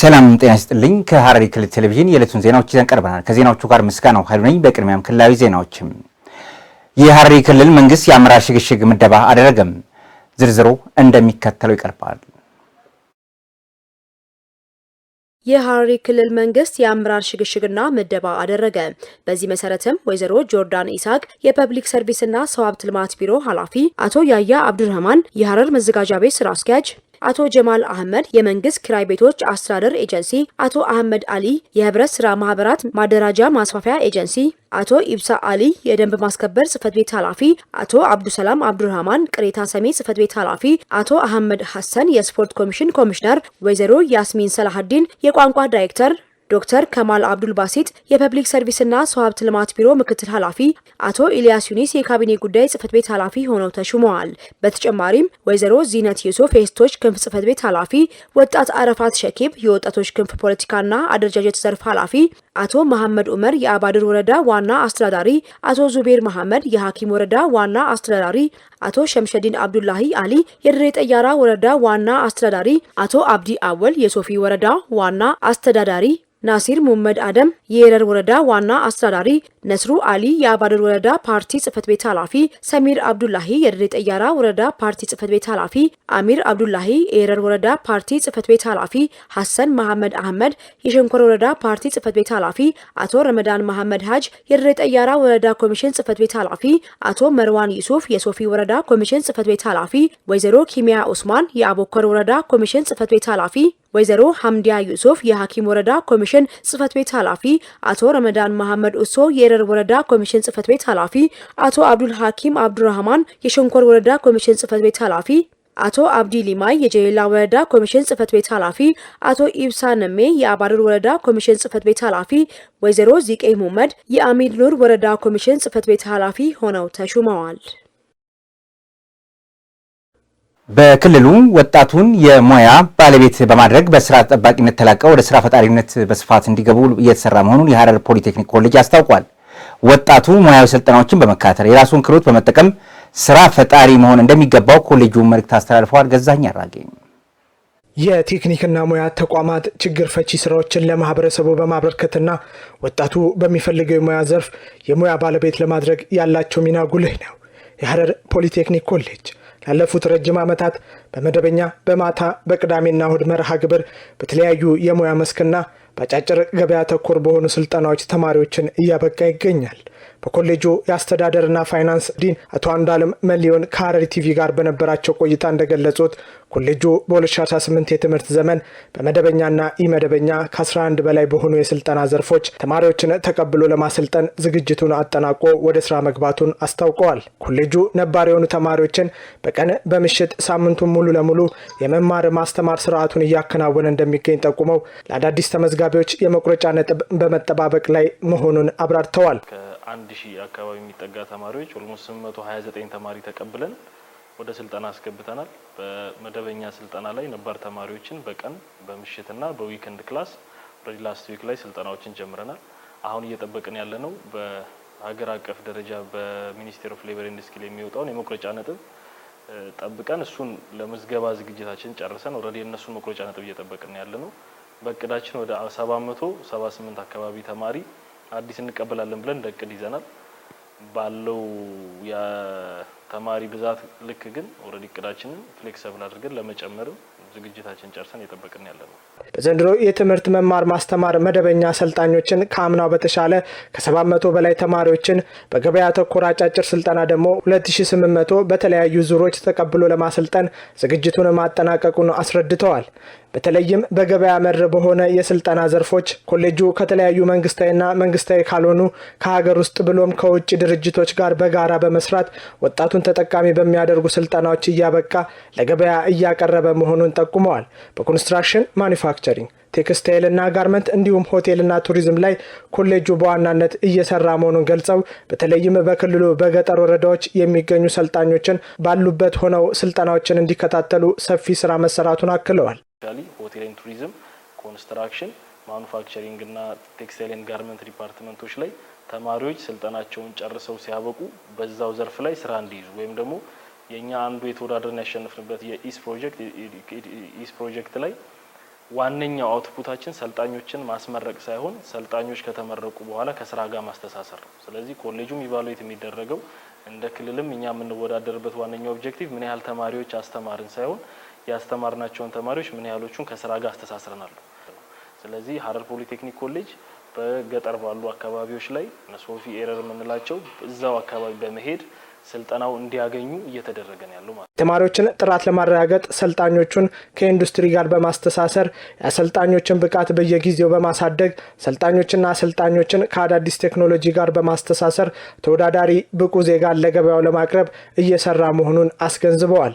ሰላም ጤና ይስጥልኝ። ከሐረሪ ክልል ቴሌቪዥን የዕለቱን ዜናዎች ይዘን ቀርበናል። ከዜናዎቹ ጋር ምስጋናው ኃይሉ ነኝ። በቅድሚያም ክልላዊ ዜናዎችም የሐረሪ ክልል መንግስት የአመራር ሽግሽግ ምደባ አደረገም። ዝርዝሩ እንደሚከተለው ይቀርባል። የሐረሪ ክልል መንግስት የአመራር ሽግሽግና ምደባ አደረገ። በዚህ መሰረትም ወይዘሮ ጆርዳን ኢሳቅ የፐብሊክ ሰርቪስና ሰው ሀብት ልማት ቢሮ ኃላፊ፣ አቶ ያያ አብዱርህማን የሐረር መዘጋጃ ቤት ስራ አስኪያጅ አቶ ጀማል አህመድ የመንግስት ክራይ ቤቶች አስተዳደር ኤጀንሲ፣ አቶ አህመድ አሊ የህብረት ስራ ማህበራት ማደራጃ ማስፋፊያ ኤጀንሲ፣ አቶ ኢብሳ አሊ የደንብ ማስከበር ጽህፈት ቤት ኃላፊ፣ አቶ አብዱሰላም አብዱራህማን ቅሬታ ሰሜ ጽህፈት ቤት ኃላፊ፣ አቶ አህመድ ሐሰን የስፖርት ኮሚሽን ኮሚሽነር፣ ወይዘሮ ያስሚን ሰላሀዲን የቋንቋ ዳይሬክተር ዶክተር ከማል አብዱል ባሲት የፐብሊክ ሰርቪስና ሰው ሀብት ልማት ቢሮ ምክትል ኃላፊ፣ አቶ ኢልያስ ዩኒስ የካቢኔ ጉዳይ ጽህፈት ቤት ኃላፊ ሆነው ተሹመዋል። በተጨማሪም ወይዘሮ ዚነት ዩሱፍ የሴቶች ክንፍ ጽህፈት ቤት ኃላፊ፣ ወጣት አረፋት ሸኪብ የወጣቶች ክንፍ ፖለቲካና አደረጃጀት ዘርፍ ኃላፊ አቶ መሐመድ ዑመር የአባድር ወረዳ ዋና አስተዳዳሪ፣ አቶ ዙቤር መሐመድ የሐኪም ወረዳ ዋና አስተዳዳሪ፣ አቶ ሸምሸዲን አብዱላሂ አሊ የድሬ ጠያራ ወረዳ ዋና አስተዳዳሪ፣ አቶ አብዲ አወል የሶፊ ወረዳ ዋና አስተዳዳሪ፣ ናሲር ሙመድ አደም የኤረር ወረዳ ዋና አስተዳዳሪ፣ ነስሩ አሊ የአባድር ወረዳ ፓርቲ ጽህፈት ቤት ኃላፊ፣ ሰሚር አብዱላሂ የድሬ ጠያራ ወረዳ ፓርቲ ጽህፈት ቤት ኃላፊ፣ አሚር አብዱላሂ የኤረር ወረዳ ፓርቲ ጽህፈት ቤት ኃላፊ፣ ሐሰን መሐመድ አህመድ የሸንኮር ወረዳ ፓርቲ ጽህፈት ቤት ኃላፊ ኃላፊ አቶ ረመዳን መሐመድ ሀጅ፣ የድሬ ጠያራ ወረዳ ኮሚሽን ጽህፈት ቤት ኃላፊ አቶ መርዋን ዩሱፍ፣ የሶፊ ወረዳ ኮሚሽን ጽህፈት ቤት ኃላፊ ወይዘሮ ኪሚያ ኡስማን፣ የአቦኮር ወረዳ ኮሚሽን ጽህፈት ቤት ኃላፊ ወይዘሮ ሐምዲያ ዩሱፍ የሐኪም ወረዳ ኮሚሽን ጽህፈት ቤት ኃላፊ አቶ ረመዳን መሐመድ ኡሶ የኤረር ወረዳ ኮሚሽን ጽህፈት ቤት ኃላፊ አቶ አብዱል ሐኪም አብዱራህማን የሸንኮር ወረዳ ኮሚሽን ጽህፈት ቤት ኃላፊ አቶ አብዲ ሊማይ የጀሌላ ወረዳ ኮሚሽን ጽህፈት ቤት ኃላፊ፣ አቶ ኢብሳ ነሜ የአባዱር ወረዳ ኮሚሽን ጽህፈት ቤት ኃላፊ፣ ወይዘሮ ዚቄ ሙመድ የአሚድ ኑር ወረዳ ኮሚሽን ጽህፈት ቤት ኃላፊ ሆነው ተሹመዋል። በክልሉ ወጣቱን የሙያ ባለቤት በማድረግ በስራ ጠባቂነት ተላቀው ወደ ስራ ፈጣሪነት በስፋት እንዲገቡ እየተሰራ መሆኑን የሀረር ፖሊቴክኒክ ኮሌጅ አስታውቋል። ወጣቱ ሙያዊ ስልጠናዎችን በመካተል የራሱን ክህሎት በመጠቀም ስራ ፈጣሪ መሆን እንደሚገባው ኮሌጁ መልእክት አስተላልፈዋል። ገዛኝ አራገኝ የቴክኒክና ሙያ ተቋማት ችግር ፈቺ ስራዎችን ለማህበረሰቡ በማበረከትና ወጣቱ በሚፈልገው የሙያ ዘርፍ የሙያ ባለቤት ለማድረግ ያላቸው ሚና ጉልህ ነው። የሐረር ፖሊቴክኒክ ኮሌጅ ላለፉት ረጅም ዓመታት በመደበኛ በማታ በቅዳሜና እሁድ መርሃ ግብር በተለያዩ የሙያ መስክና በአጫጭር ገበያ ተኮር በሆኑ ስልጠናዎች ተማሪዎችን እያበቃ ይገኛል። በኮሌጁ የአስተዳደርና ፋይናንስ ዲን አቶ አንዳለም መሊዮን ከሀረሪ ቲቪ ጋር በነበራቸው ቆይታ እንደገለጹት ኮሌጁ በ2018 የትምህርት ዘመን በመደበኛና ኢመደበኛ ከ11 በላይ በሆኑ የስልጠና ዘርፎች ተማሪዎችን ተቀብሎ ለማሰልጠን ዝግጅቱን አጠናቆ ወደ ስራ መግባቱን አስታውቀዋል። ኮሌጁ ነባር የሆኑ ተማሪዎችን በቀን በምሽት ሳምንቱን ሙሉ ለሙሉ የመማር ማስተማር ስርዓቱን እያከናወነ እንደሚገኝ ጠቁመው ለአዳዲስ ተመዝጋቢዎች የመቁረጫ ነጥብ በመጠባበቅ ላይ መሆኑን አብራርተዋል። አንድ ሺህ አካባቢ የሚጠጋ ተማሪዎች ኦልሞስት 829 ተማሪ ተቀብለን ወደ ስልጠና አስገብተናል። በመደበኛ ስልጠና ላይ ነባር ተማሪዎችን በቀን በምሽትና በዊክንድ ክላስ ኦልሬዲ ላስት ዊክ ላይ ስልጠናዎችን ጀምረናል። አሁን እየጠበቅን ያለ ነው በሀገር አቀፍ ደረጃ በሚኒስቴር ኦፍ ሌበር ኤንድ ስኪል የሚወጣውን የመቁረጫ ነጥብ ጠብቀን እሱን ለምዝገባ ዝግጅታችን ጨርሰን ኦልሬዲ የእነሱን መቁረጫ ነጥብ እየጠበቅን ያለ ነው። በእቅዳችን ወደ 778 አካባቢ ተማሪ አዲስ እንቀበላለን ብለን እንደ እቅድ ይዘናል። ባለው የተማሪ ብዛት ልክ ግን ኦልሬዲ እቅዳችንን ፍሌክሰብል አድርገን ለመጨመርም ዝግጅታችን ጨርሰን እየጠበቅን ያለ ነው። ዘንድሮ የትምህርት መማር ማስተማር መደበኛ አሰልጣኞችን ከአምናው በተሻለ ከሰባት መቶ በላይ ተማሪዎችን በገበያ ተኮር አጫጭር ስልጠና ደግሞ 2800 በተለያዩ ዙሮች ተቀብሎ ለማሰልጠን ዝግጅቱን ማጠናቀቁን አስረድተዋል። በተለይም በገበያ መር በሆነ የስልጠና ዘርፎች ኮሌጁ ከተለያዩ መንግስታዊና መንግስታዊ ካልሆኑ ከሀገር ውስጥ ብሎም ከውጭ ድርጅቶች ጋር በጋራ በመስራት ወጣቱን ተጠቃሚ በሚያደርጉ ስልጠናዎች እያበቃ ለገበያ እያቀረበ መሆኑን ጠቁ ጠቁመዋል። በኮንስትራክሽን ማኒፋክቸሪንግ፣ ቴክስታይልና ጋርመንት እንዲሁም ሆቴልና ቱሪዝም ላይ ኮሌጁ በዋናነት እየሰራ መሆኑን ገልጸው በተለይም በክልሉ በገጠር ወረዳዎች የሚገኙ ሰልጣኞችን ባሉበት ሆነው ስልጠናዎችን እንዲከታተሉ ሰፊ ስራ መሰራቱን አክለዋል። ሆቴልን፣ ቱሪዝም፣ ኮንስትራክሽን፣ ማኑፋክቸሪንግ ቴክስታይልን ጋርመንት ዲፓርትመንቶች ላይ ተማሪዎች ስልጠናቸውን ጨርሰው ሲያበቁ በዛው ዘርፍ ላይ ስራ እንዲይዙ ወይም ደግሞ የእኛ አንዱ የተወዳደርን ያሸንፍንበት የኢስ ፕሮጀክት ኢስ ፕሮጀክት ላይ ዋነኛው አውትፑታችን ሰልጣኞችን ማስመረቅ ሳይሆን ሰልጣኞች ከተመረቁ በኋላ ከስራ ጋር ማስተሳሰር ነው። ስለዚህ ኮሌጁም ኢቫሉዌት የሚደረገው እንደ ክልልም እኛ የምንወዳደርበት ዋነኛው ኦብጀክቲቭ ምን ያህል ተማሪዎች አስተማርን ሳይሆን ያስተማርናቸውን ተማሪዎች ምን ያህሎቹን ከስራ ጋር አስተሳስረናሉ። ስለዚህ ሀረር ፖሊቴክኒክ ኮሌጅ በገጠር ባሉ አካባቢዎች ላይ ሶፊ ኤረር የምንላቸው እዛው አካባቢ በመሄድ ስልጠናው እንዲያገኙ እየተደረገ ነው ያለው ማለት። ተማሪዎችን ጥራት ለማረጋገጥ ሰልጣኞቹን ከኢንዱስትሪ ጋር በማስተሳሰር የአሰልጣኞችን ብቃት በየጊዜው በማሳደግ ሰልጣኞችና አሰልጣኞችን ከአዳዲስ ቴክኖሎጂ ጋር በማስተሳሰር ተወዳዳሪ ብቁ ዜጋን ለገበያው ለማቅረብ እየሰራ መሆኑን አስገንዝበዋል።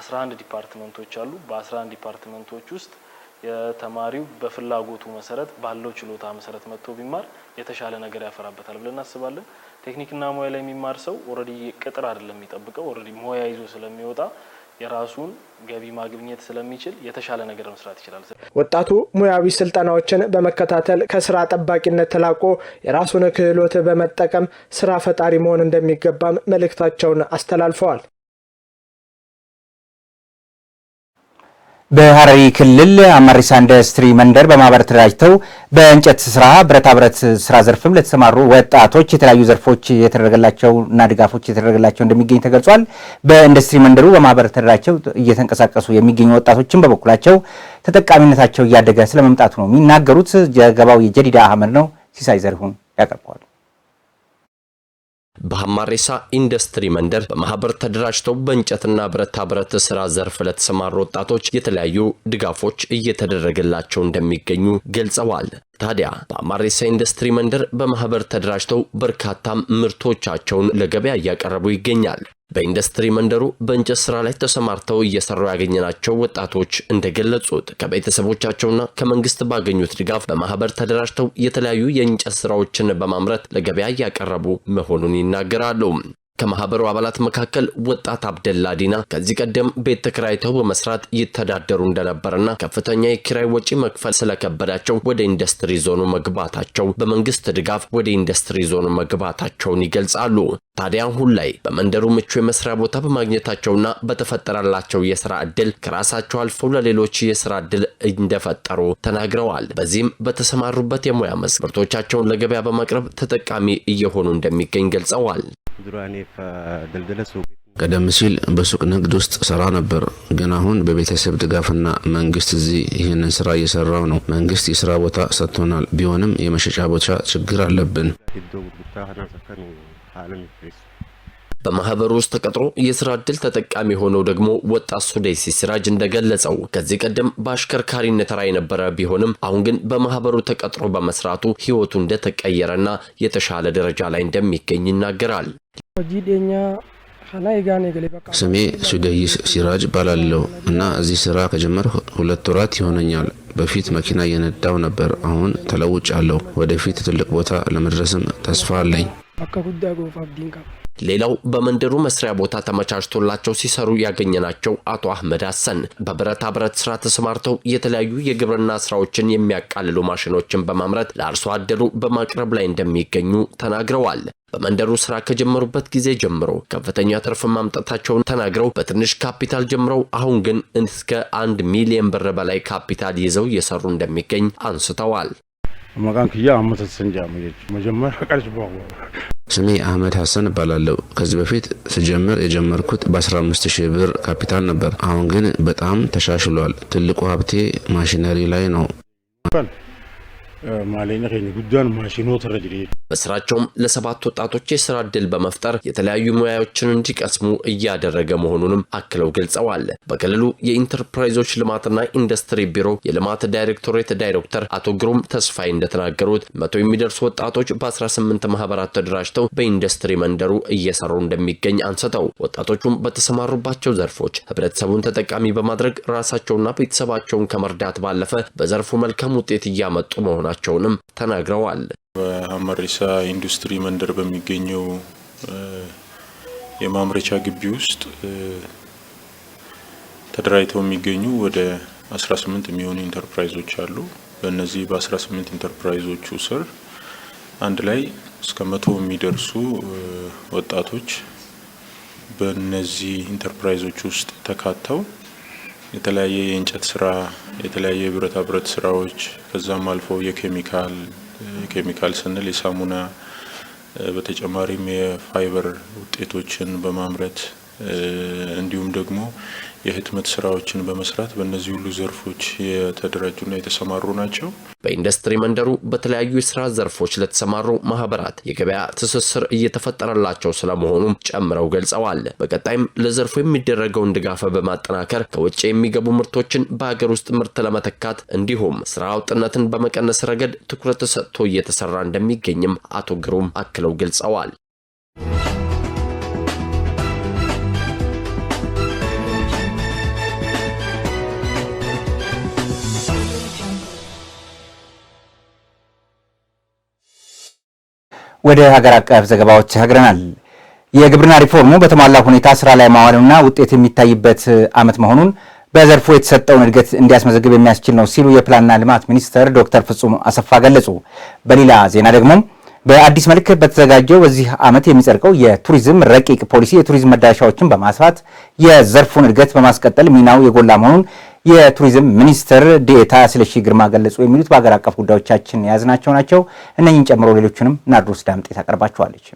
አስራ አንድ ዲፓርትመንቶች አሉ። በ11 ዲፓርትመንቶች ውስጥ የተማሪው በፍላጎቱ መሰረት ባለው ችሎታ መሰረት መጥቶ ቢማር የተሻለ ነገር ያፈራበታል ብለን እናስባለን። ቴክኒክና ሙያ ላይ የሚማር ሰው ኦልሬዲ ቅጥር አይደለም የሚጠብቀው ኦልሬዲ ሙያ ይዞ ስለሚወጣ የራሱን ገቢ ማግኘት ስለሚችል የተሻለ ነገር መስራት ይችላል። ወጣቱ ሙያዊ ስልጠናዎችን በመከታተል ከስራ ጠባቂነት ተላቆ የራሱን ክህሎት በመጠቀም ስራ ፈጣሪ መሆን እንደሚገባም መልእክታቸውን አስተላልፈዋል። በሐረሪ ክልል አማሪሳ ኢንዱስትሪ መንደር በማህበር ተደራጅተው በእንጨት ስራ፣ ብረታ ብረት ስራ ዘርፍም ለተሰማሩ ወጣቶች የተለያዩ ዘርፎች እና ድጋፎች የተደረገላቸው እንደሚገኝ ተገልጿል። በኢንዱስትሪ መንደሩ በማህበር ተደራጅተው እየተንቀሳቀሱ የሚገኙ ወጣቶችም በበኩላቸው ተጠቃሚነታቸው እያደገ ስለመምጣቱ ነው የሚናገሩት። ዘገባው የጀዲዳ አህመድ ነው። ሲሳይ ዘሪሁን ያቀርበዋል። በሐማሬሳ ኢንዱስትሪ መንደር በማህበር ተደራጅተው በእንጨትና ብረታ ብረት ስራ ዘርፍ ለተሰማሩ ወጣቶች የተለያዩ ድጋፎች እየተደረገላቸው እንደሚገኙ ገልጸዋል። ታዲያ በአማሬሳ ኢንዱስትሪ መንደር በማህበር ተደራጅተው በርካታ ምርቶቻቸውን ለገበያ እያቀረቡ ይገኛል። በኢንዱስትሪ መንደሩ በእንጨት ስራ ላይ ተሰማርተው እየሰሩ ያገኘናቸው ወጣቶች እንደገለጹት ከቤተሰቦቻቸውና ከመንግስት ባገኙት ድጋፍ በማህበር ተደራጅተው የተለያዩ የእንጨት ስራዎችን በማምረት ለገበያ እያቀረቡ መሆኑን ይናገራሉ። ከማህበሩ አባላት መካከል ወጣት አብደላ ዲና ከዚህ ቀደም ቤት ተከራይተው በመስራት ይተዳደሩ እንደነበርና ከፍተኛ የኪራይ ወጪ መክፈል ስለከበዳቸው ወደ ኢንዱስትሪ ዞኑ መግባታቸው በመንግስት ድጋፍ ወደ ኢንዱስትሪ ዞኑ መግባታቸውን ይገልጻሉ። ታዲያ አሁን ላይ በመንደሩ ምቹ የመስሪያ ቦታ በማግኘታቸውና በተፈጠረላቸው የስራ እድል ከራሳቸው አልፈው ለሌሎች የስራ ዕድል እንደፈጠሩ ተናግረዋል። በዚህም በተሰማሩበት የሙያ ምርቶቻቸውን ለገበያ በማቅረብ ተጠቃሚ እየሆኑ እንደሚገኝ ገልጸዋል። ዱራኔ ቀደም ሲል በሱቅ ንግድ ውስጥ ስራ ነበር፣ ግን አሁን በቤተሰብ ድጋፍና መንግስት እዚህ ይህንን ስራ እየሰራው ነው። መንግስት የስራ ቦታ ሰጥቶናል፣ ቢሆንም የመሸጫ ቦታ ችግር አለብን። በማህበር ውስጥ ተቀጥሮ የስራ እድል ተጠቃሚ ሆነው ደግሞ ወጣት ሱዴሲ ሲራጅ እንደገለጸው ከዚህ ቀደም በአሽከርካሪነት ተራ የነበረ ቢሆንም አሁን ግን በማህበሩ ተቀጥሮ በመስራቱ ህይወቱ እንደተቀየረና የተሻለ ደረጃ ላይ እንደሚገኝ ይናገራል። ስሜ ሱደይስ ሲራጅ ባላለው እና እዚህ ስራ ከጀመር ሁለት ወራት ይሆነኛል። በፊት መኪና እየነዳው ነበር። አሁን ተለውጫለሁ። ወደፊት ትልቅ ቦታ ለመድረስም ተስፋ አለኝ። ሌላው በመንደሩ መስሪያ ቦታ ተመቻችቶላቸው ሲሰሩ ያገኘናቸው አቶ አህመድ አሰን በብረታ ብረት ስራ ተሰማርተው የተለያዩ የግብርና ስራዎችን የሚያቃልሉ ማሽኖችን በማምረት ለአርሶ አደሩ በማቅረብ ላይ እንደሚገኙ ተናግረዋል። በመንደሩ ስራ ከጀመሩበት ጊዜ ጀምሮ ከፍተኛ ትርፍ ማምጣታቸውን ተናግረው በትንሽ ካፒታል ጀምረው አሁን ግን እስከ አንድ ሚሊዮን ብር በላይ ካፒታል ይዘው እየሰሩ እንደሚገኝ አንስተዋል። መቃን ክያ አመተት ሰንጃ መጀች መጀመሪያ ቀርሽ ስሜ አህመድ ሀሰን እባላለሁ። ከዚህ በፊት ስጀምር የጀመርኩት በ15 ሺህ ብር ካፒታል ነበር። አሁን ግን በጣም ተሻሽሏል። ትልቁ ሀብቴ ማሽነሪ ላይ ነው። በስራቸውም ለሰባት ወጣቶች የስራ እድል በመፍጠር የተለያዩ ሙያዎችን እንዲቀስሙ እያደረገ መሆኑንም አክለው ገልጸዋል። በክልሉ የኢንተርፕራይዞች ልማትና ኢንዱስትሪ ቢሮ የልማት ዳይሬክቶሬት ዳይሬክተር አቶ ግሩም ተስፋይ እንደተናገሩት መቶ የሚደርሱ ወጣቶች በ18 ማህበራት ተደራጅተው በኢንዱስትሪ መንደሩ እየሰሩ እንደሚገኝ አንስተው ወጣቶቹም በተሰማሩባቸው ዘርፎች ህብረተሰቡን ተጠቃሚ በማድረግ ራሳቸውና ቤተሰባቸውን ከመርዳት ባለፈ በዘርፉ መልካም ውጤት እያመጡ መሆናቸው መሆናቸውንም ተናግረዋል። በሀመሬሳ ኢንዱስትሪ መንደር በሚገኘው የማምረቻ ግቢ ውስጥ ተደራጅተው የሚገኙ ወደ 18 የሚሆኑ ኢንተርፕራይዞች አሉ። በእነዚህ በ18 ኢንተርፕራይዞቹ ስር አንድ ላይ እስከ መቶ የሚደርሱ ወጣቶች በእነዚህ ኢንተርፕራይዞች ውስጥ ተካተው የተለያየ የእንጨት ስራ የተለያዩ የብረታ ብረት ስራዎች ከዛም አልፎ የኬሚካል ኬሚካል ስንል የሳሙና በተጨማሪም የፋይበር ውጤቶችን በማምረት እንዲሁም ደግሞ የህትመት ስራዎችን በመስራት በእነዚህ ሁሉ ዘርፎች የተደራጁና የተሰማሩ ናቸው። በኢንዱስትሪ መንደሩ በተለያዩ የስራ ዘርፎች ለተሰማሩ ማህበራት የገበያ ትስስር እየተፈጠረላቸው ስለመሆኑም ጨምረው ገልጸዋል። በቀጣይም ለዘርፉ የሚደረገውን ድጋፍ በማጠናከር ከውጭ የሚገቡ ምርቶችን በሀገር ውስጥ ምርት ለመተካት እንዲሁም ስራ አውጥነትን በመቀነስ ረገድ ትኩረት ሰጥቶ እየተሰራ እንደሚገኝም አቶ ግሩም አክለው ገልጸዋል። ወደ ሀገር አቀፍ ዘገባዎች ያግረናል። የግብርና ሪፎርሙ በተሟላ ሁኔታ ስራ ላይ ማዋሉና ውጤት የሚታይበት ዓመት መሆኑን በዘርፉ የተሰጠውን እድገት እንዲያስመዘግብ የሚያስችል ነው ሲሉ የፕላንና ልማት ሚኒስትር ዶክተር ፍጹም አሰፋ ገለጹ። በሌላ ዜና ደግሞ በአዲስ መልክ በተዘጋጀው በዚህ ዓመት የሚጸድቀው የቱሪዝም ረቂቅ ፖሊሲ የቱሪዝም መዳረሻዎችን በማስፋት የዘርፉን እድገት በማስቀጠል ሚናው የጎላ መሆኑን የቱሪዝም ሚኒስትር ዴኤታ ስለሺ ግርማ ገለጹ። የሚሉት በሀገር አቀፍ ጉዳዮቻችን የያዝናቸው ናቸው። እነኝን ጨምሮ ሌሎችንም ናድሮስ ዳምጤ ታቀርባቸዋለች።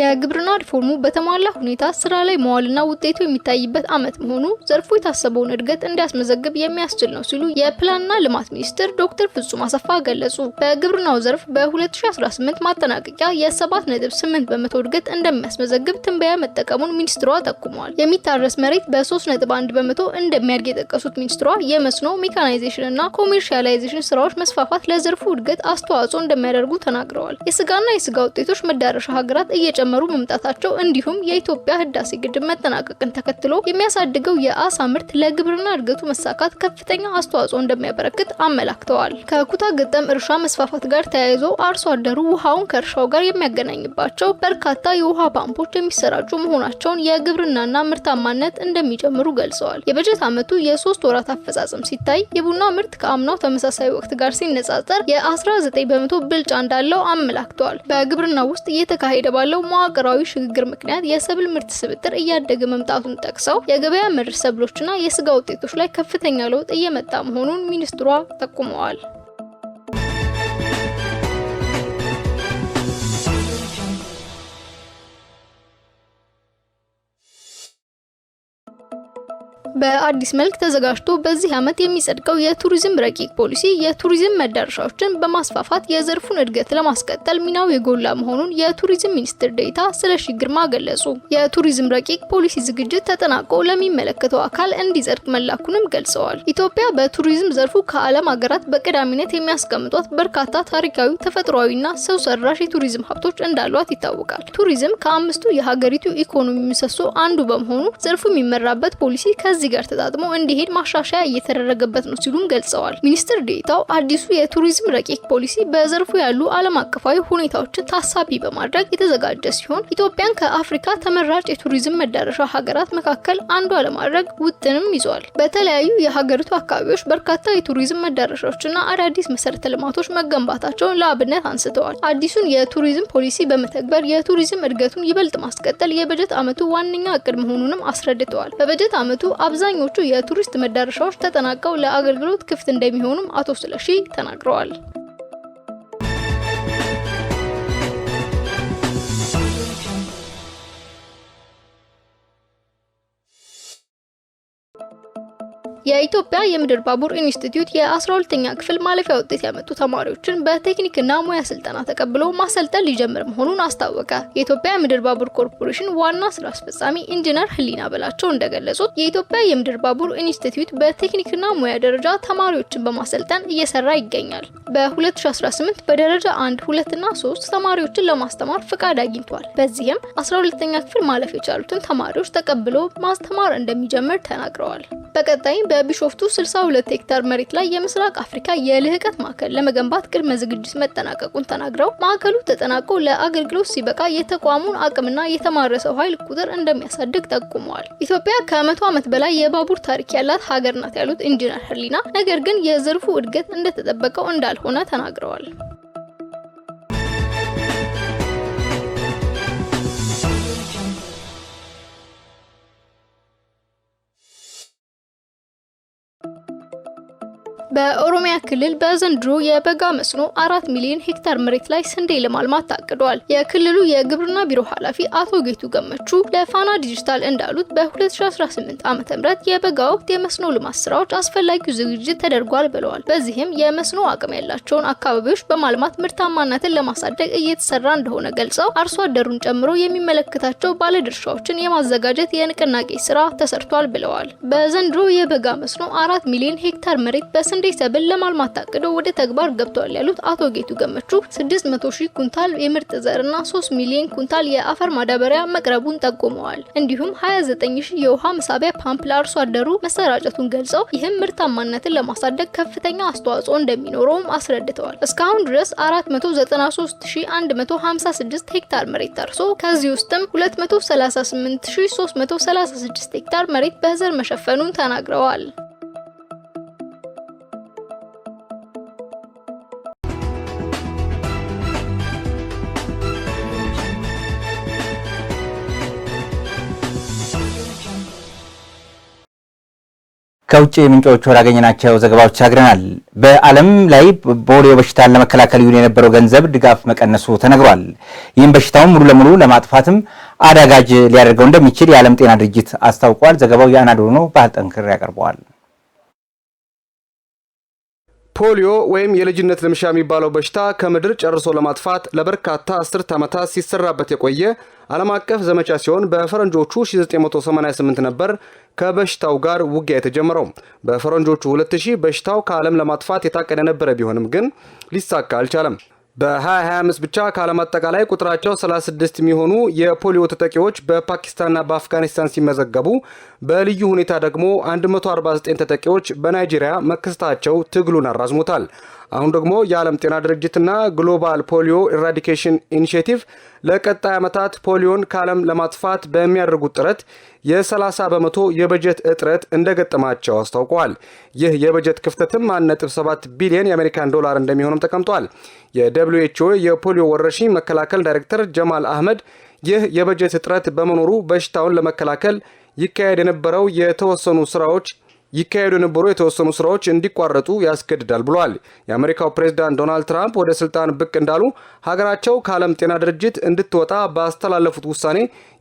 የግብርና ሪፎርሙ በተሟላ ሁኔታ ስራ ላይ መዋልና ውጤቱ የሚታይበት ዓመት መሆኑ ዘርፉ የታሰበውን እድገት እንዲያስመዘግብ የሚያስችል ነው ሲሉ የፕላንና ልማት ሚኒስትር ዶክተር ፍጹም አሰፋ ገለጹ። በግብርናው ዘርፍ በ2018 ማጠናቀቂያ የ7.8 በመቶ እድገት እንደሚያስመዘግብ ትንበያ መጠቀሙን ሚኒስትሯ ጠቁመዋል። የሚታረስ መሬት በ3.1 በመቶ እንደሚያድግ የጠቀሱት ሚኒስትሯ የመስኖ ሜካናይዜሽን እና ኮሜርሻላይዜሽን ስራዎች መስፋፋት ለዘርፉ እድገት አስተዋጽኦ እንደሚያደርጉ ተናግረዋል። የስጋና የስጋ ውጤቶች መዳረሻ ሀገራት እየጨ እየጨመሩ መምጣታቸው እንዲሁም የኢትዮጵያ ህዳሴ ግድብ መጠናቀቅን ተከትሎ የሚያሳድገው የአሳ ምርት ለግብርና እድገቱ መሳካት ከፍተኛ አስተዋጽኦ እንደሚያበረክት አመላክተዋል። ከኩታ ገጠም እርሻ መስፋፋት ጋር ተያይዞ አርሶ አደሩ ውሃውን ከእርሻው ጋር የሚያገናኝባቸው በርካታ የውሃ ፓምፖች የሚሰራጩ መሆናቸውን የግብርናና ምርታማነት እንደሚጨምሩ ገልጸዋል። የበጀት ዓመቱ የሶስት ወራት አፈጻጸም ሲታይ የቡና ምርት ከአምናው ተመሳሳይ ወቅት ጋር ሲነጻጸር የ19 በመቶ ብልጫ እንዳለው አመላክተዋል። በግብርና ውስጥ እየተካሄደ ባለው መዋቅራዊ ሽግግር ምክንያት የሰብል ምርት ስብጥር እያደገ መምጣቱን ጠቅሰው የገበያ ምር ሰብሎችና የስጋ ውጤቶች ላይ ከፍተኛ ለውጥ እየመጣ መሆኑን ሚኒስትሯ ጠቁመዋል። በአዲስ መልክ ተዘጋጅቶ በዚህ ዓመት የሚጸድቀው የቱሪዝም ረቂቅ ፖሊሲ የቱሪዝም መዳረሻዎችን በማስፋፋት የዘርፉን እድገት ለማስቀጠል ሚናው የጎላ መሆኑን የቱሪዝም ሚኒስትር ዴኤታ ስለሺ ግርማ ገለጹ። የቱሪዝም ረቂቅ ፖሊሲ ዝግጅት ተጠናቆ ለሚመለከተው አካል እንዲጸድቅ መላኩንም ገልጸዋል። ኢትዮጵያ በቱሪዝም ዘርፉ ከዓለም ሀገራት በቀዳሚነት የሚያስቀምጧት በርካታ ታሪካዊ፣ ተፈጥሯዊና ሰው ሰራሽ የቱሪዝም ሀብቶች እንዳሏት ይታወቃል። ቱሪዝም ከአምስቱ የሀገሪቱ ኢኮኖሚ ምሰሶ አንዱ በመሆኑ ዘርፉ የሚመራበት ፖሊሲ ከዚህ ከዚህ ጋር ተጣጥሞ እንዲሄድ ማሻሻያ እየተደረገበት ነው ሲሉም ገልጸዋል። ሚኒስትር ዴታው አዲሱ የቱሪዝም ረቂቅ ፖሊሲ በዘርፉ ያሉ ዓለም አቀፋዊ ሁኔታዎችን ታሳቢ በማድረግ የተዘጋጀ ሲሆን ኢትዮጵያን ከአፍሪካ ተመራጭ የቱሪዝም መዳረሻ ሀገራት መካከል አንዷ ለማድረግ ውጥንም ይዟል። በተለያዩ የሀገሪቱ አካባቢዎች በርካታ የቱሪዝም መዳረሻዎችና አዳዲስ መሰረተ ልማቶች መገንባታቸውን ለአብነት አንስተዋል። አዲሱን የቱሪዝም ፖሊሲ በመተግበር የቱሪዝም እድገቱን ይበልጥ ማስቀጠል የበጀት ዓመቱ ዋነኛ እቅድ መሆኑንም አስረድተዋል። በበጀት ዓመቱ አብዛኞቹ የቱሪስት መዳረሻዎች ተጠናቀው ለአገልግሎት ክፍት እንደሚሆኑም አቶ ስለሺ ተናግረዋል። የኢትዮጵያ የምድር ባቡር ኢንስቲትዩት የ12ኛ ክፍል ማለፊያ ውጤት ያመጡ ተማሪዎችን በቴክኒክና ሙያ ስልጠና ተቀብሎ ማሰልጠን ሊጀምር መሆኑን አስታወቀ። የኢትዮጵያ የምድር ባቡር ኮርፖሬሽን ዋና ስራ አስፈጻሚ ኢንጂነር ህሊና በላቸው እንደገለጹት የኢትዮጵያ የምድር ባቡር ኢንስቲትዩት በቴክኒክና ሙያ ደረጃ ተማሪዎችን በማሰልጠን እየሰራ ይገኛል። በ2018 በደረጃ 1፣ 2 እና 3 ተማሪዎችን ለማስተማር ፍቃድ አግኝቷል። በዚህም 12ኛ ክፍል ማለፍ የቻሉትን ተማሪዎች ተቀብሎ ማስተማር እንደሚጀምር ተናግረዋል። በቀጣይም በቢሾፍቱ 62 ሄክታር መሬት ላይ የምስራቅ አፍሪካ የልህቀት ማዕከል ለመገንባት ቅድመ ዝግጅት መጠናቀቁን ተናግረው ማዕከሉ ተጠናቆ ለአገልግሎት ሲበቃ የተቋሙን አቅምና የተማረሰው ኃይል ቁጥር እንደሚያሳድግ ጠቁመዋል። ኢትዮጵያ ከመቶ ዓመት በላይ የባቡር ታሪክ ያላት ሀገር ናት ያሉት ኢንጂነር ህሊና ነገር ግን የዘርፉ እድገት እንደተጠበቀው እንዳልሆነ ተናግረዋል። በኦሮሚያ ክልል በዘንድሮ የበጋ መስኖ አራት ሚሊዮን ሄክታር መሬት ላይ ስንዴ ለማልማት ታቅዷል። የክልሉ የግብርና ቢሮ ኃላፊ አቶ ጌቱ ገመቹ ለፋና ዲጂታል እንዳሉት በ2018 ዓ ም የበጋ ወቅት የመስኖ ልማት ስራዎች አስፈላጊው ዝግጅት ተደርጓል ብለዋል። በዚህም የመስኖ አቅም ያላቸውን አካባቢዎች በማልማት ምርታማነትን ለማሳደግ እየተሰራ እንደሆነ ገልጸው አርሶ አደሩን ጨምሮ የሚመለከታቸው ባለድርሻዎችን የማዘጋጀት የንቅናቄ ስራ ተሰርቷል ብለዋል። በዘንድሮ የበጋ መስኖ አራት ሚሊዮን ሄክታር መሬት በስንዴ ሰብል ለማልማት ታቅዶ ወደ ተግባር ገብቷል ያሉት አቶ ጌቱ ገመቹ 600 ሺህ ኩንታል የምርጥ ዘርና 3 ሚሊዮን ኩንታል የአፈር ማዳበሪያ መቅረቡን ጠቁመዋል። እንዲሁም 29 ሺህ የውሃ መሳቢያ ፓምፕ ለአርሶ አደሩ መሰራጨቱን ገልጸው ይህም ምርታማነትን ለማሳደግ ከፍተኛ አስተዋጽኦ እንደሚኖረውም አስረድተዋል። እስካሁን ድረስ 493156 ሄክታር መሬት ታርሶ ከዚህ ውስጥም 238336 ሄክታር መሬት በዘር መሸፈኑን ተናግረዋል። ከውጭ ምንጮች ወዳገኘናቸው ዘገባዎች ተሻግረናል። በዓለም ላይ ፖሊዮ በሽታን ለመከላከል ይውል የነበረው ገንዘብ ድጋፍ መቀነሱ ተነግሯል። ይህም በሽታውን ሙሉ ለሙሉ ለማጥፋትም አዳጋጅ ሊያደርገው እንደሚችል የዓለም ጤና ድርጅት አስታውቋል። ዘገባው የአናዶሎ ነው። ባህል ጠንክር ያቀርበዋል። ፖሊዮ ወይም የልጅነት ልምሻ የሚባለው በሽታ ከምድር ጨርሶ ለማጥፋት ለበርካታ አስርት ዓመታት ሲሰራበት የቆየ ዓለም አቀፍ ዘመቻ ሲሆን በፈረንጆቹ 1988 ነበር ከበሽታው ጋር ውጊያ የተጀመረው። በፈረንጆቹ 2000 በሽታው ከዓለም ለማጥፋት የታቀደ ነበረ። ቢሆንም ግን ሊሳካ አልቻለም። በ2025 ብቻ ከዓለም አጠቃላይ ቁጥራቸው 36 የሚሆኑ የፖሊዮ ተጠቂዎች በፓኪስታንና በአፍጋኒስታን ሲመዘገቡ በልዩ ሁኔታ ደግሞ 149 ተጠቂዎች በናይጄሪያ መከሰታቸው ትግሉን አራዝሞታል። አሁን ደግሞ የዓለም ጤና ድርጅትና ግሎባል ፖሊዮ ኢራዲኬሽን ኢኒሽቲቭ ለቀጣይ ዓመታት ፖሊዮን ከዓለም ለማጥፋት በሚያደርጉት ጥረት የ30 በመቶ የበጀት እጥረት እንደገጠማቸው አስታውቀዋል። ይህ የበጀት ክፍተትም 1.7 ቢሊዮን የአሜሪካን ዶላር እንደሚሆንም ተቀምጧል። የደብሊው ኤች ኦ የፖሊዮ ወረርሽኝ መከላከል ዳይሬክተር ጀማል አህመድ ይህ የበጀት እጥረት በመኖሩ በሽታውን ለመከላከል ይካሄድ የነበረው የተወሰኑ ስራዎች ይካሄዱ የነበሩ የተወሰኑ ስራዎች እንዲቋረጡ ያስገድዳል ብሏል። የአሜሪካው ፕሬዝዳንት ዶናልድ ትራምፕ ወደ ስልጣን ብቅ እንዳሉ ሀገራቸው ከዓለም ጤና ድርጅት እንድትወጣ ባስተላለፉት ውሳኔ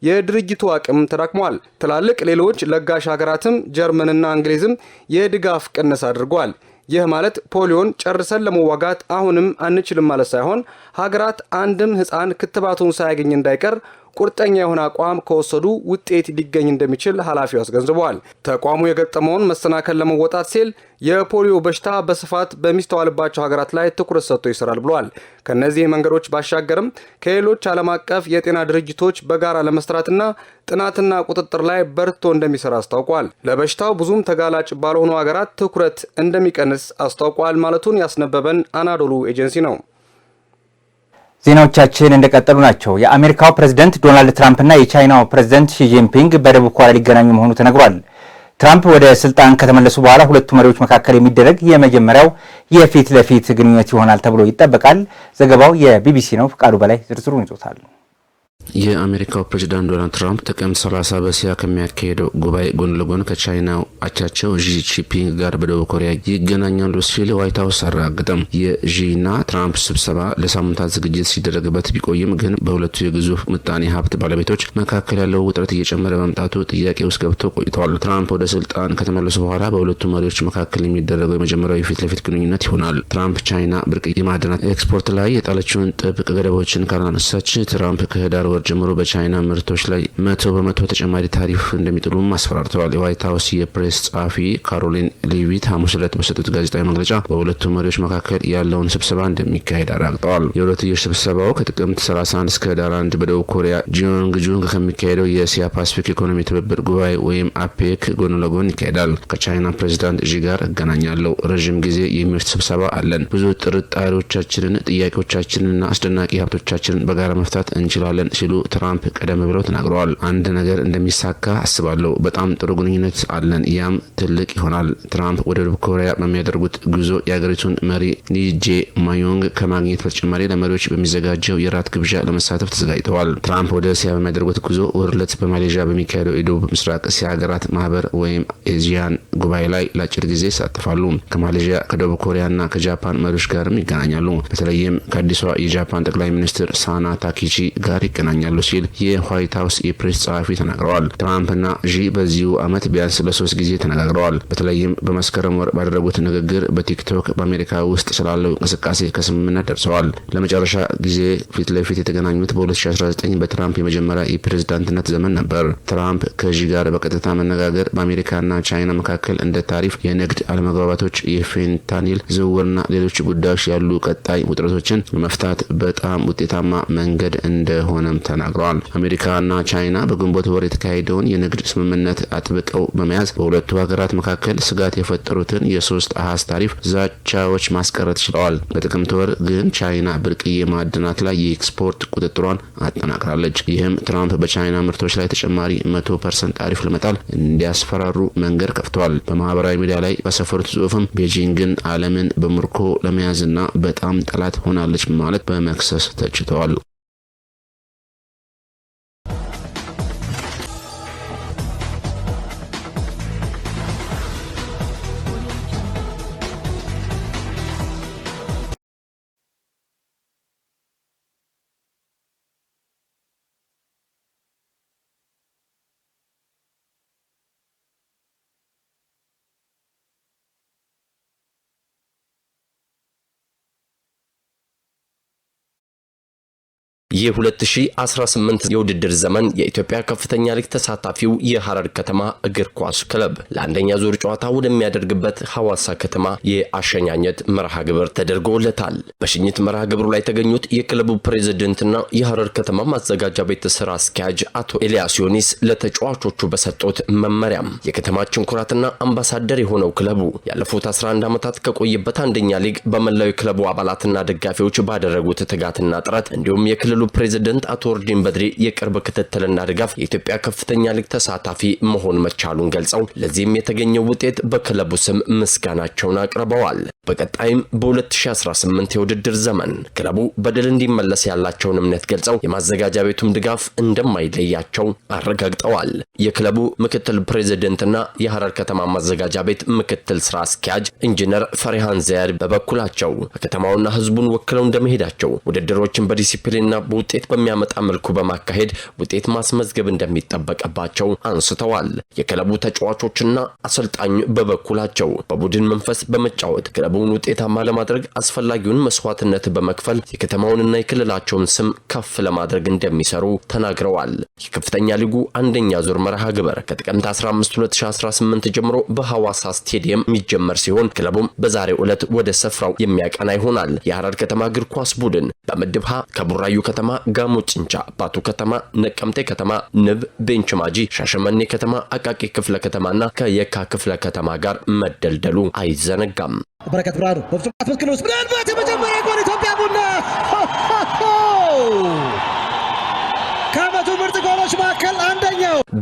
የድርጅቱ አቅም ተዳክሟል። ትላልቅ ሌሎች ለጋሽ ሀገራትም ጀርመንና እንግሊዝም የድጋፍ ቅነስ አድርጓል። ይህ ማለት ፖሊዮን ጨርሰን ለመዋጋት አሁንም አንችልም ማለት ሳይሆን ሀገራት አንድም ህፃን ክትባቱን ሳያገኝ እንዳይቀር ቁርጠኛ የሆነ አቋም ከወሰዱ ውጤት ሊገኝ እንደሚችል ኃላፊው አስገንዝበዋል። ተቋሙ የገጠመውን መሰናከል ለመወጣት ሲል የፖሊዮ በሽታ በስፋት በሚስተዋልባቸው ሀገራት ላይ ትኩረት ሰጥቶ ይሰራል ብሏል። ከእነዚህ መንገዶች ባሻገርም ከሌሎች ዓለም አቀፍ የጤና ድርጅቶች በጋራ ለመስራትና ጥናትና ቁጥጥር ላይ በርቶ እንደሚሰራ አስታውቋል። ለበሽታው ብዙም ተጋላጭ ባልሆኑ ሀገራት ትኩረት እንደሚቀንስ አስታውቋል ማለቱን ያስነበበን አናዶሉ ኤጀንሲ ነው። ዜናዎቻችን እንደቀጠሉ ናቸው። የአሜሪካው ፕሬዝደንት ዶናልድ ትራምፕና የቻይናው ፕሬዝደንት ሺጂንፒንግ በደቡብ ኮሪያ ሊገናኙ መሆኑ ተነግሯል። ትራምፕ ወደ ስልጣን ከተመለሱ በኋላ ሁለቱ መሪዎች መካከል የሚደረግ የመጀመሪያው የፊት ለፊት ግንኙነት ይሆናል ተብሎ ይጠበቃል። ዘገባው የቢቢሲ ነው። ፍቃዱ በላይ ዝርዝሩን ይዞታል። የአሜሪካው ፕሬዚዳንት ዶናልድ ትራምፕ ጥቅምት 30 በእስያ ከሚያካሄደው ጉባኤ ጎን ለጎን ከቻይና አቻቸው ዢ ጂንፒንግ ጋር በደቡብ ኮሪያ ይገናኛሉ ሲል ዋይት ሀውስ አረጋገጠም። የዢና ትራምፕ ስብሰባ ለሳምንታት ዝግጅት ሲደረግበት ቢቆይም ግን በሁለቱ የግዙፍ ምጣኔ ሀብት ባለቤቶች መካከል ያለው ውጥረት እየጨመረ መምጣቱ ጥያቄ ውስጥ ገብቶ ቆይተዋል። ትራምፕ ወደ ስልጣን ከተመለሱ በኋላ በሁለቱ መሪዎች መካከል የሚደረገው የመጀመሪያው የፊት ለፊት ግንኙነት ይሆናል። ትራምፕ ቻይና ብርቅ የማዕድናት ኤክስፖርት ላይ የጣለችውን ጥብቅ ገደቦችን ካላነሳች ትራምፕ ከህዳር ወር ከዶላር ጀምሮ በቻይና ምርቶች ላይ መቶ በመቶ ተጨማሪ ታሪፍ እንደሚጥሉም አስፈራርተዋል። የዋይት ሀውስ የፕሬስ ጸሐፊ ካሮሊን ሊቪት ሐሙስ ዕለት በሰጡት ጋዜጣዊ መግለጫ በሁለቱ መሪዎች መካከል ያለውን ስብሰባ እንደሚካሄድ አረጋግጠዋል። የሁለትዮሽ ስብሰባው ከጥቅምት 31 እስከ ዳር 1 በደቡብ ኮሪያ ጂዮንግ ጁንግ ከሚካሄደው የእስያ ፓሲፊክ ኢኮኖሚ ትብብር ጉባኤ ወይም አፔክ ጎን ለጎን ይካሄዳል። ከቻይና ፕሬዚዳንት ዢ ጋር እገናኛለሁ። ረዥም ጊዜ የሚወስድ ስብሰባ አለን። ብዙ ጥርጣሬዎቻችንን፣ ጥያቄዎቻችንንና አስደናቂ ሀብቶቻችንን በጋራ መፍታት እንችላለን ሲሉ ትራምፕ ቀደም ብለው ተናግረዋል። አንድ ነገር እንደሚሳካ አስባለሁ። በጣም ጥሩ ግንኙነት አለን፣ ያም ትልቅ ይሆናል። ትራምፕ ወደ ደቡብ ኮሪያ በሚያደርጉት ጉዞ የአገሪቱን መሪ ሊጄ ማዮንግ ከማግኘት በተጨማሪ ለመሪዎች በሚዘጋጀው የራት ግብዣ ለመሳተፍ ተዘጋጅተዋል። ትራምፕ ወደ እስያ በሚያደርጉት ጉዞ ውርለት ዕለት በማሌዥያ በሚካሄደው የደቡብ ምስራቅ እስያ ሀገራት ማህበር ወይም ኤዚያን ጉባኤ ላይ ለአጭር ጊዜ ይሳተፋሉ። ከማሌዥያ ከደቡብ ኮሪያና ከጃፓን መሪዎች ጋርም ይገናኛሉ። በተለይም ከአዲሷ የጃፓን ጠቅላይ ሚኒስትር ሳና ታኪቺ ጋር ይገናኛል። ይገናኛሉ ሲል የዋይት ሀውስ የፕሬስ ጸሐፊ ተናግረዋል። ትራምፕና ዢ በዚሁ ዓመት ቢያንስ ለሶስት ጊዜ ተነጋግረዋል። በተለይም በመስከረም ወር ባደረጉት ንግግር በቲክቶክ በአሜሪካ ውስጥ ስላለው እንቅስቃሴ ከስምምነት ደርሰዋል። ለመጨረሻ ጊዜ ፊት ለፊት የተገናኙት በ2019 በትራምፕ የመጀመሪያ የፕሬዝዳንትነት ዘመን ነበር። ትራምፕ ከዢ ጋር በቀጥታ መነጋገር በአሜሪካና ቻይና መካከል እንደ ታሪፍ፣ የንግድ አለመግባባቶች፣ የፌንታኒል ዝውውርና ሌሎች ጉዳዮች ያሉ ቀጣይ ውጥረቶችን መፍታት በጣም ውጤታማ መንገድ እንደሆነም ተናግረዋል። አሜሪካና ቻይና በግንቦት ወር የተካሄደውን የንግድ ስምምነት አጥብቀው በመያዝ በሁለቱ ሀገራት መካከል ስጋት የፈጠሩትን የሶስት አሀዝ ታሪፍ ዛቻዎች ማስቀረት ችለዋል። በጥቅምት ወር ግን ቻይና ብርቅዬ ማዕድናት ላይ የኤክስፖርት ቁጥጥሯን አጠናክራለች። ይህም ትራምፕ በቻይና ምርቶች ላይ ተጨማሪ መቶ ፐርሰንት ታሪፍ ለመጣል እንዲያስፈራሩ መንገድ ከፍተዋል። በማህበራዊ ሚዲያ ላይ በሰፈሩት ጽሁፍም ቤጂንግን ዓለምን በምርኮ ለመያዝና በጣም ጠላት ሆናለች ማለት በመክሰስ ተችተዋል። የ2018 የውድድር ዘመን የኢትዮጵያ ከፍተኛ ሊግ ተሳታፊው የሐረር ከተማ እግር ኳስ ክለብ ለአንደኛ ዙር ጨዋታ ወደሚያደርግበት ሐዋሳ ከተማ የአሸኛኘት መርሃ ግብር ተደርጎለታል። በሽኝት መርሃ ግብሩ ላይ የተገኙት የክለቡ ፕሬዝደንትና የሐረር ከተማ ማዘጋጃ ቤት ስራ አስኪያጅ አቶ ኤልያስ ዮኒስ ለተጫዋቾቹ በሰጡት መመሪያም የከተማችን ኩራትና አምባሳደር የሆነው ክለቡ ያለፉት 11 ዓመታት ከቆየበት አንደኛ ሊግ በመላው የክለቡ አባላትና ደጋፊዎች ባደረጉት ትጋትና ጥረት እንዲሁም የክልሉ የክልሉ ፕሬዝደንት አቶ ወርዲን በድሪ የቅርብ ክትትልና ድጋፍ የኢትዮጵያ ከፍተኛ ሊግ ተሳታፊ መሆን መቻሉን ገልጸው ለዚህም የተገኘው ውጤት በክለቡ ስም ምስጋናቸውን አቅርበዋል። በቀጣይም በ2018 የውድድር ዘመን ክለቡ በድል እንዲመለስ ያላቸውን እምነት ገልጸው የማዘጋጃ ቤቱም ድጋፍ እንደማይለያቸው አረጋግጠዋል። የክለቡ ምክትል ፕሬዝደንትና የሐረር ከተማ ማዘጋጃ ቤት ምክትል ስራ አስኪያጅ ኢንጂነር ፈሪሃን ዘያድ በበኩላቸው ከተማውና ህዝቡን ወክለው እንደመሄዳቸው ውድድሮችን በዲሲፕሊንና ውጤት በሚያመጣ መልኩ በማካሄድ ውጤት ማስመዝገብ እንደሚጠበቅባቸው አንስተዋል። የክለቡ ተጫዋቾችና አሰልጣኝ በበኩላቸው በቡድን መንፈስ በመጫወት ክለቡን ውጤታማ ለማድረግ አስፈላጊውን መስዋዕትነት በመክፈል የከተማውንና የክልላቸውን ስም ከፍ ለማድረግ እንደሚሰሩ ተናግረዋል። የከፍተኛ ሊጉ አንደኛ ዙር መርሃ ግበር ከጥቅምት 15 2018 ጀምሮ በሐዋሳ ስቴዲየም የሚጀመር ሲሆን ክለቡም በዛሬው ዕለት ወደ ስፍራው የሚያቀና ይሆናል። የሐረር ከተማ እግር ኳስ ቡድን በምድብ ሀ ከቡራዩ ከተማ ከተማ፣ ጋሞ ጭንቻ፣ ባቱ ከተማ፣ ነቀምቴ ከተማ፣ ንብ፣ ቤንችማጂ፣ ሻሸመኔ ከተማ፣ አቃቂ ክፍለ ከተማና ከየካ ክፍለ ከተማ ጋር መደልደሉ አይዘነጋም። በረከት ብርሃኑ በፍጹም ቅጣት ምትክል ውስጥ ምናልባት የመጀመሪያ ጎል ኢትዮጵያ ቡና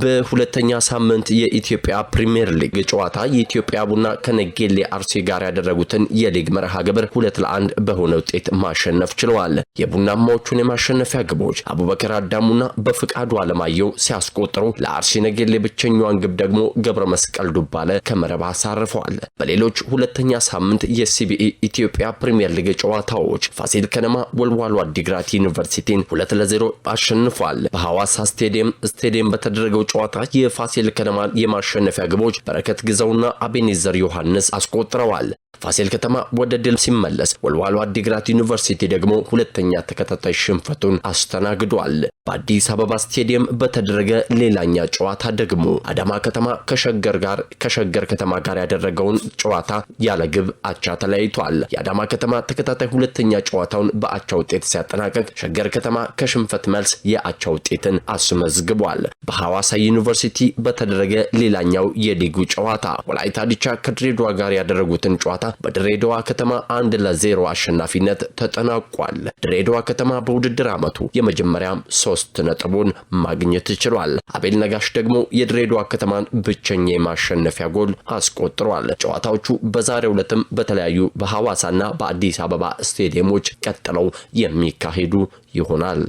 በሁለተኛ ሳምንት የኢትዮጵያ ፕሪምየር ሊግ ጨዋታ የኢትዮጵያ ቡና ከነጌሌ አርሲ ጋር ያደረጉትን የሊግ መርሃ ግብር ሁለት ለአንድ በሆነ ውጤት ማሸነፍ ችለዋል። የቡናማዎቹን የማሸነፊያ ግቦች አቡበከር አዳሙና በፍቃዱ አለማየሁ ሲያስቆጥሩ ለአርሲ ነጌሌ ብቸኛዋን ግብ ደግሞ ገብረ መስቀል ዱባለ ከመረብ አሳርፈዋል። በሌሎች ሁለተኛ ሳምንት የሲቢኢ ኢትዮጵያ ፕሪምየር ሊግ ጨዋታዎች ፋሲል ከነማ ወልዋሎ አዲግራት ዩኒቨርሲቲን ሁለት ለዜሮ አሸንፏል። በሐዋሳ ስቴዲየም ስቴዲየም በተደረገ ባደረገው ጨዋታ የፋሲል ከነማን የማሸነፊያ ግቦች በረከት ግዛውና አቤኔዘር ዮሐንስ አስቆጥረዋል። ፋሲል ከተማ ወደ ድል ሲመለስ ወልዋሎ አዲግራት ዩኒቨርሲቲ ደግሞ ሁለተኛ ተከታታይ ሽንፈቱን አስተናግዷል። በአዲስ አበባ ስቴዲየም በተደረገ ሌላኛ ጨዋታ ደግሞ አዳማ ከተማ ከሸገር ጋር ከሸገር ከተማ ጋር ያደረገውን ጨዋታ ያለ ግብ አቻ ተለያይቷል። የአዳማ ከተማ ተከታታይ ሁለተኛ ጨዋታውን በአቻ ውጤት ሲያጠናቀቅ፣ ሸገር ከተማ ከሽንፈት መልስ የአቻ ውጤትን አስመዝግቧል። በሐዋሳ ዩኒቨርሲቲ በተደረገ ሌላኛው የሊጉ ጨዋታ ወላይታ ዲቻ ከድሬዳዋ ጋር ያደረጉትን ጨዋታ በድሬዳዋ ከተማ አንድ ለዜሮ አሸናፊነት ተጠናቋል። ድሬዳዋ ከተማ በውድድር ዓመቱ የመጀመሪያም ሶስት ነጥቡን ማግኘት ችሏል። አቤል ነጋሽ ደግሞ የድሬዳዋ ከተማን ብቸኛ የማሸነፊያ ጎል አስቆጥሯል። ጨዋታዎቹ በዛሬው ዕለትም በተለያዩ በሐዋሳና በአዲስ አበባ ስቴዲየሞች ቀጥለው የሚካሄዱ ይሆናል።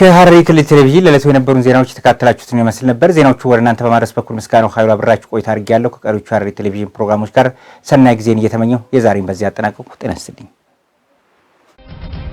ከሐረሪ ክልል ቴሌቪዥን ለዕለቱ የነበሩን ዜናዎች የተካተላችሁትን ይመስል ነበር። ዜናዎቹ ወደ እናንተ በማድረስ በኩል ምስጋናው ኃይሉ አብራችሁ ቆይታ አድርጌያለሁ። ከቀሪዎቹ ሐረሪ ቴሌቪዥን ፕሮግራሞች ጋር ሰናይ ጊዜን እየተመኘው የዛሬን በዚህ አጠናቀቁ። ጤና ይስጥልኝ።